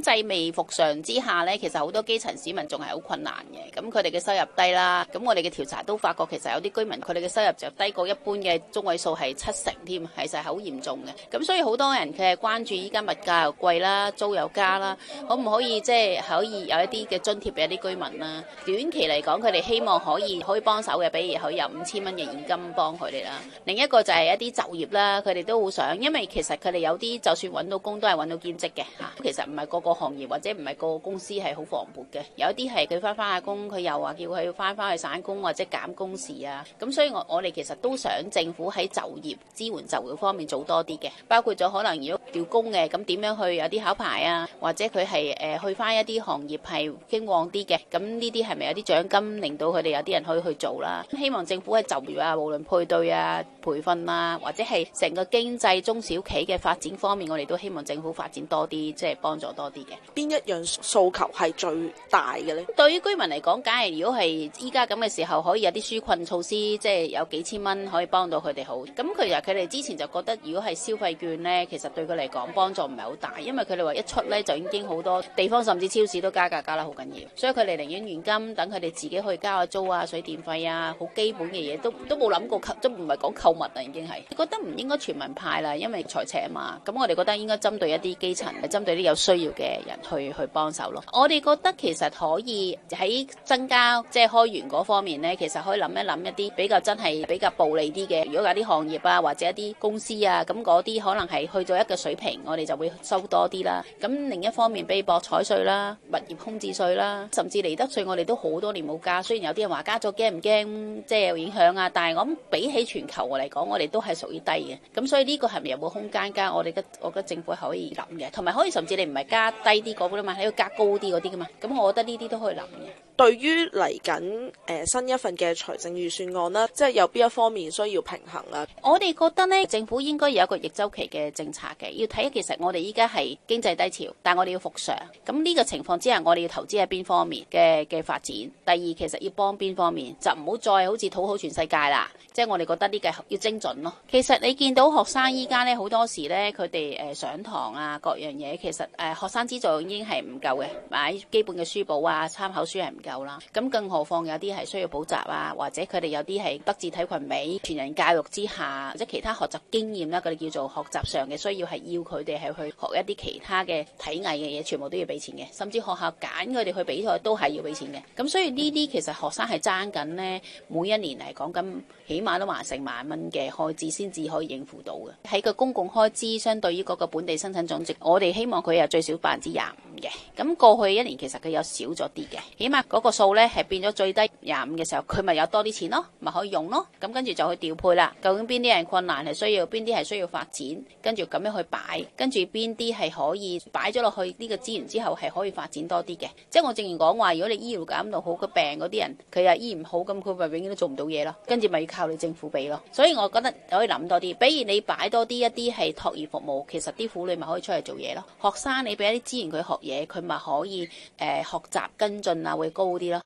經濟未復常之下呢，其實好多基層市民仲係好困難嘅。咁佢哋嘅收入低啦，咁我哋嘅調查都發覺，其實有啲居民佢哋嘅收入就低過一般嘅中位數係七成添，其實好嚴重嘅。咁所以好多人佢係關注依家物價又貴啦，租又加啦，可唔可以即係、就是、可以有一啲嘅津貼俾一啲居民啦？短期嚟講，佢哋希望可以可以幫手嘅，比如可以有五千蚊嘅現金幫佢哋啦。另一個就係一啲就業啦，佢哋都好想，因為其實佢哋有啲就算揾到工都係揾到兼職嘅嚇，其實唔係個個。個行業或者唔係個個公司係好防彿嘅，有啲係佢翻翻下工，佢又話叫佢要翻翻去散工或者減工時啊。咁所以我我哋其實都想政府喺就業支援就業方面做多啲嘅，包括咗可能如果調工嘅，咁點樣去有啲考牌啊，或者佢係誒去翻一啲行業係興旺啲嘅，咁呢啲係咪有啲獎金令到佢哋有啲人可以去做啦？希望政府喺就業啊，無論配對啊、培訓啊，或者係成個經濟中小企嘅發展方面，我哋都希望政府發展多啲，即係幫助多啲。邊一樣訴求係最大嘅咧？對於居民嚟講，假如如果係依家咁嘅時候，可以有啲紓困措施，即係有幾千蚊可以幫到佢哋好。咁其實佢哋之前就覺得，如果係消費券咧，其實對佢嚟講幫助唔係好大，因為佢哋話一出咧就已經好多地方甚至超市都加價加得好緊要。所以佢哋寧願現金，等佢哋自己去交下租啊、水電費啊，好基本嘅嘢都都冇諗過購，都唔係講購物啊，已經係。覺得唔應該全民派啦，因為財赤啊嘛。咁我哋覺得應該針對一啲基層，係針對啲有需要嘅。嘅人去去幫手咯，我哋覺得其實可以喺增加即係、就是、開源嗰方面咧，其實可以諗一諗一啲比較真係比較暴利啲嘅，如果有啲行業啊或者一啲公司啊，咁嗰啲可能係去到一個水平，我哋就會收多啲啦。咁另一方面，被博彩稅啦、物業空置稅啦，甚至利得稅，我哋都好多年冇加。雖然有啲人話加咗驚唔驚，即係有影響啊，但係我諗比起全球嚟講，我哋都係屬於低嘅。咁所以呢個係咪有冇空間加？我哋嘅我覺得政府係可以諗嘅，同埋可以甚至你唔係加。低啲嗰個啦嘛，你要隔高啲嗰啲噶嘛，咁我覺得呢啲都可以諗嘅。對於嚟緊誒新一份嘅財政預算案啦，即係有邊一方面需要平衡啊？我哋覺得咧，政府應該有一個逆周期嘅政策嘅，要睇其實我哋依家係經濟低潮，但係我哋要復常。咁呢個情況之下，我哋要投資喺邊方面嘅嘅發展？第二，其實要幫邊方面就唔好再好似討好全世界啦。即係我哋覺得呢個要精準咯。其實你見到學生依家咧好多時呢，佢哋誒上堂啊各樣嘢，其實誒學生資助已經係唔夠嘅，買基本嘅書簿啊、參考書係唔夠。有啦，咁更何況有啲係需要補習啊，或者佢哋有啲係德智體群美全人教育之下，或者其他學習經驗啦，佢哋叫做學習上嘅需要係要佢哋係去學一啲其他嘅體藝嘅嘢，全部都要俾錢嘅，甚至學校揀佢哋去比賽都係要俾錢嘅。咁所以呢啲其實學生係爭緊呢。每一年嚟講緊，起碼都話成萬蚊嘅開支先至可以應付到嘅。喺個公共開支相對於嗰個本地生產總值，我哋希望佢有最少百分之廿五。咁過去一年其實佢有少咗啲嘅，起碼嗰個數咧係變咗最低廿五嘅時候，佢咪有多啲錢咯，咪可以用咯。咁跟住就去調配啦。究竟邊啲人困難係需要，邊啲係需要發展，跟住咁樣去擺，跟住邊啲係可以擺咗落去呢個資源之後係可以發展多啲嘅。即係我正如講話，如果你醫療搞到好，嘅病嗰啲人佢又醫唔好，咁佢咪永遠都做唔到嘢咯。跟住咪要靠你政府俾咯。所以我覺得可以諗多啲，比如你擺多啲一啲係托兒服務，其實啲婦女咪可以出嚟做嘢咯。學生你俾一啲資源佢學嘢佢咪可以誒、呃、學習跟進啊，會高啲咯。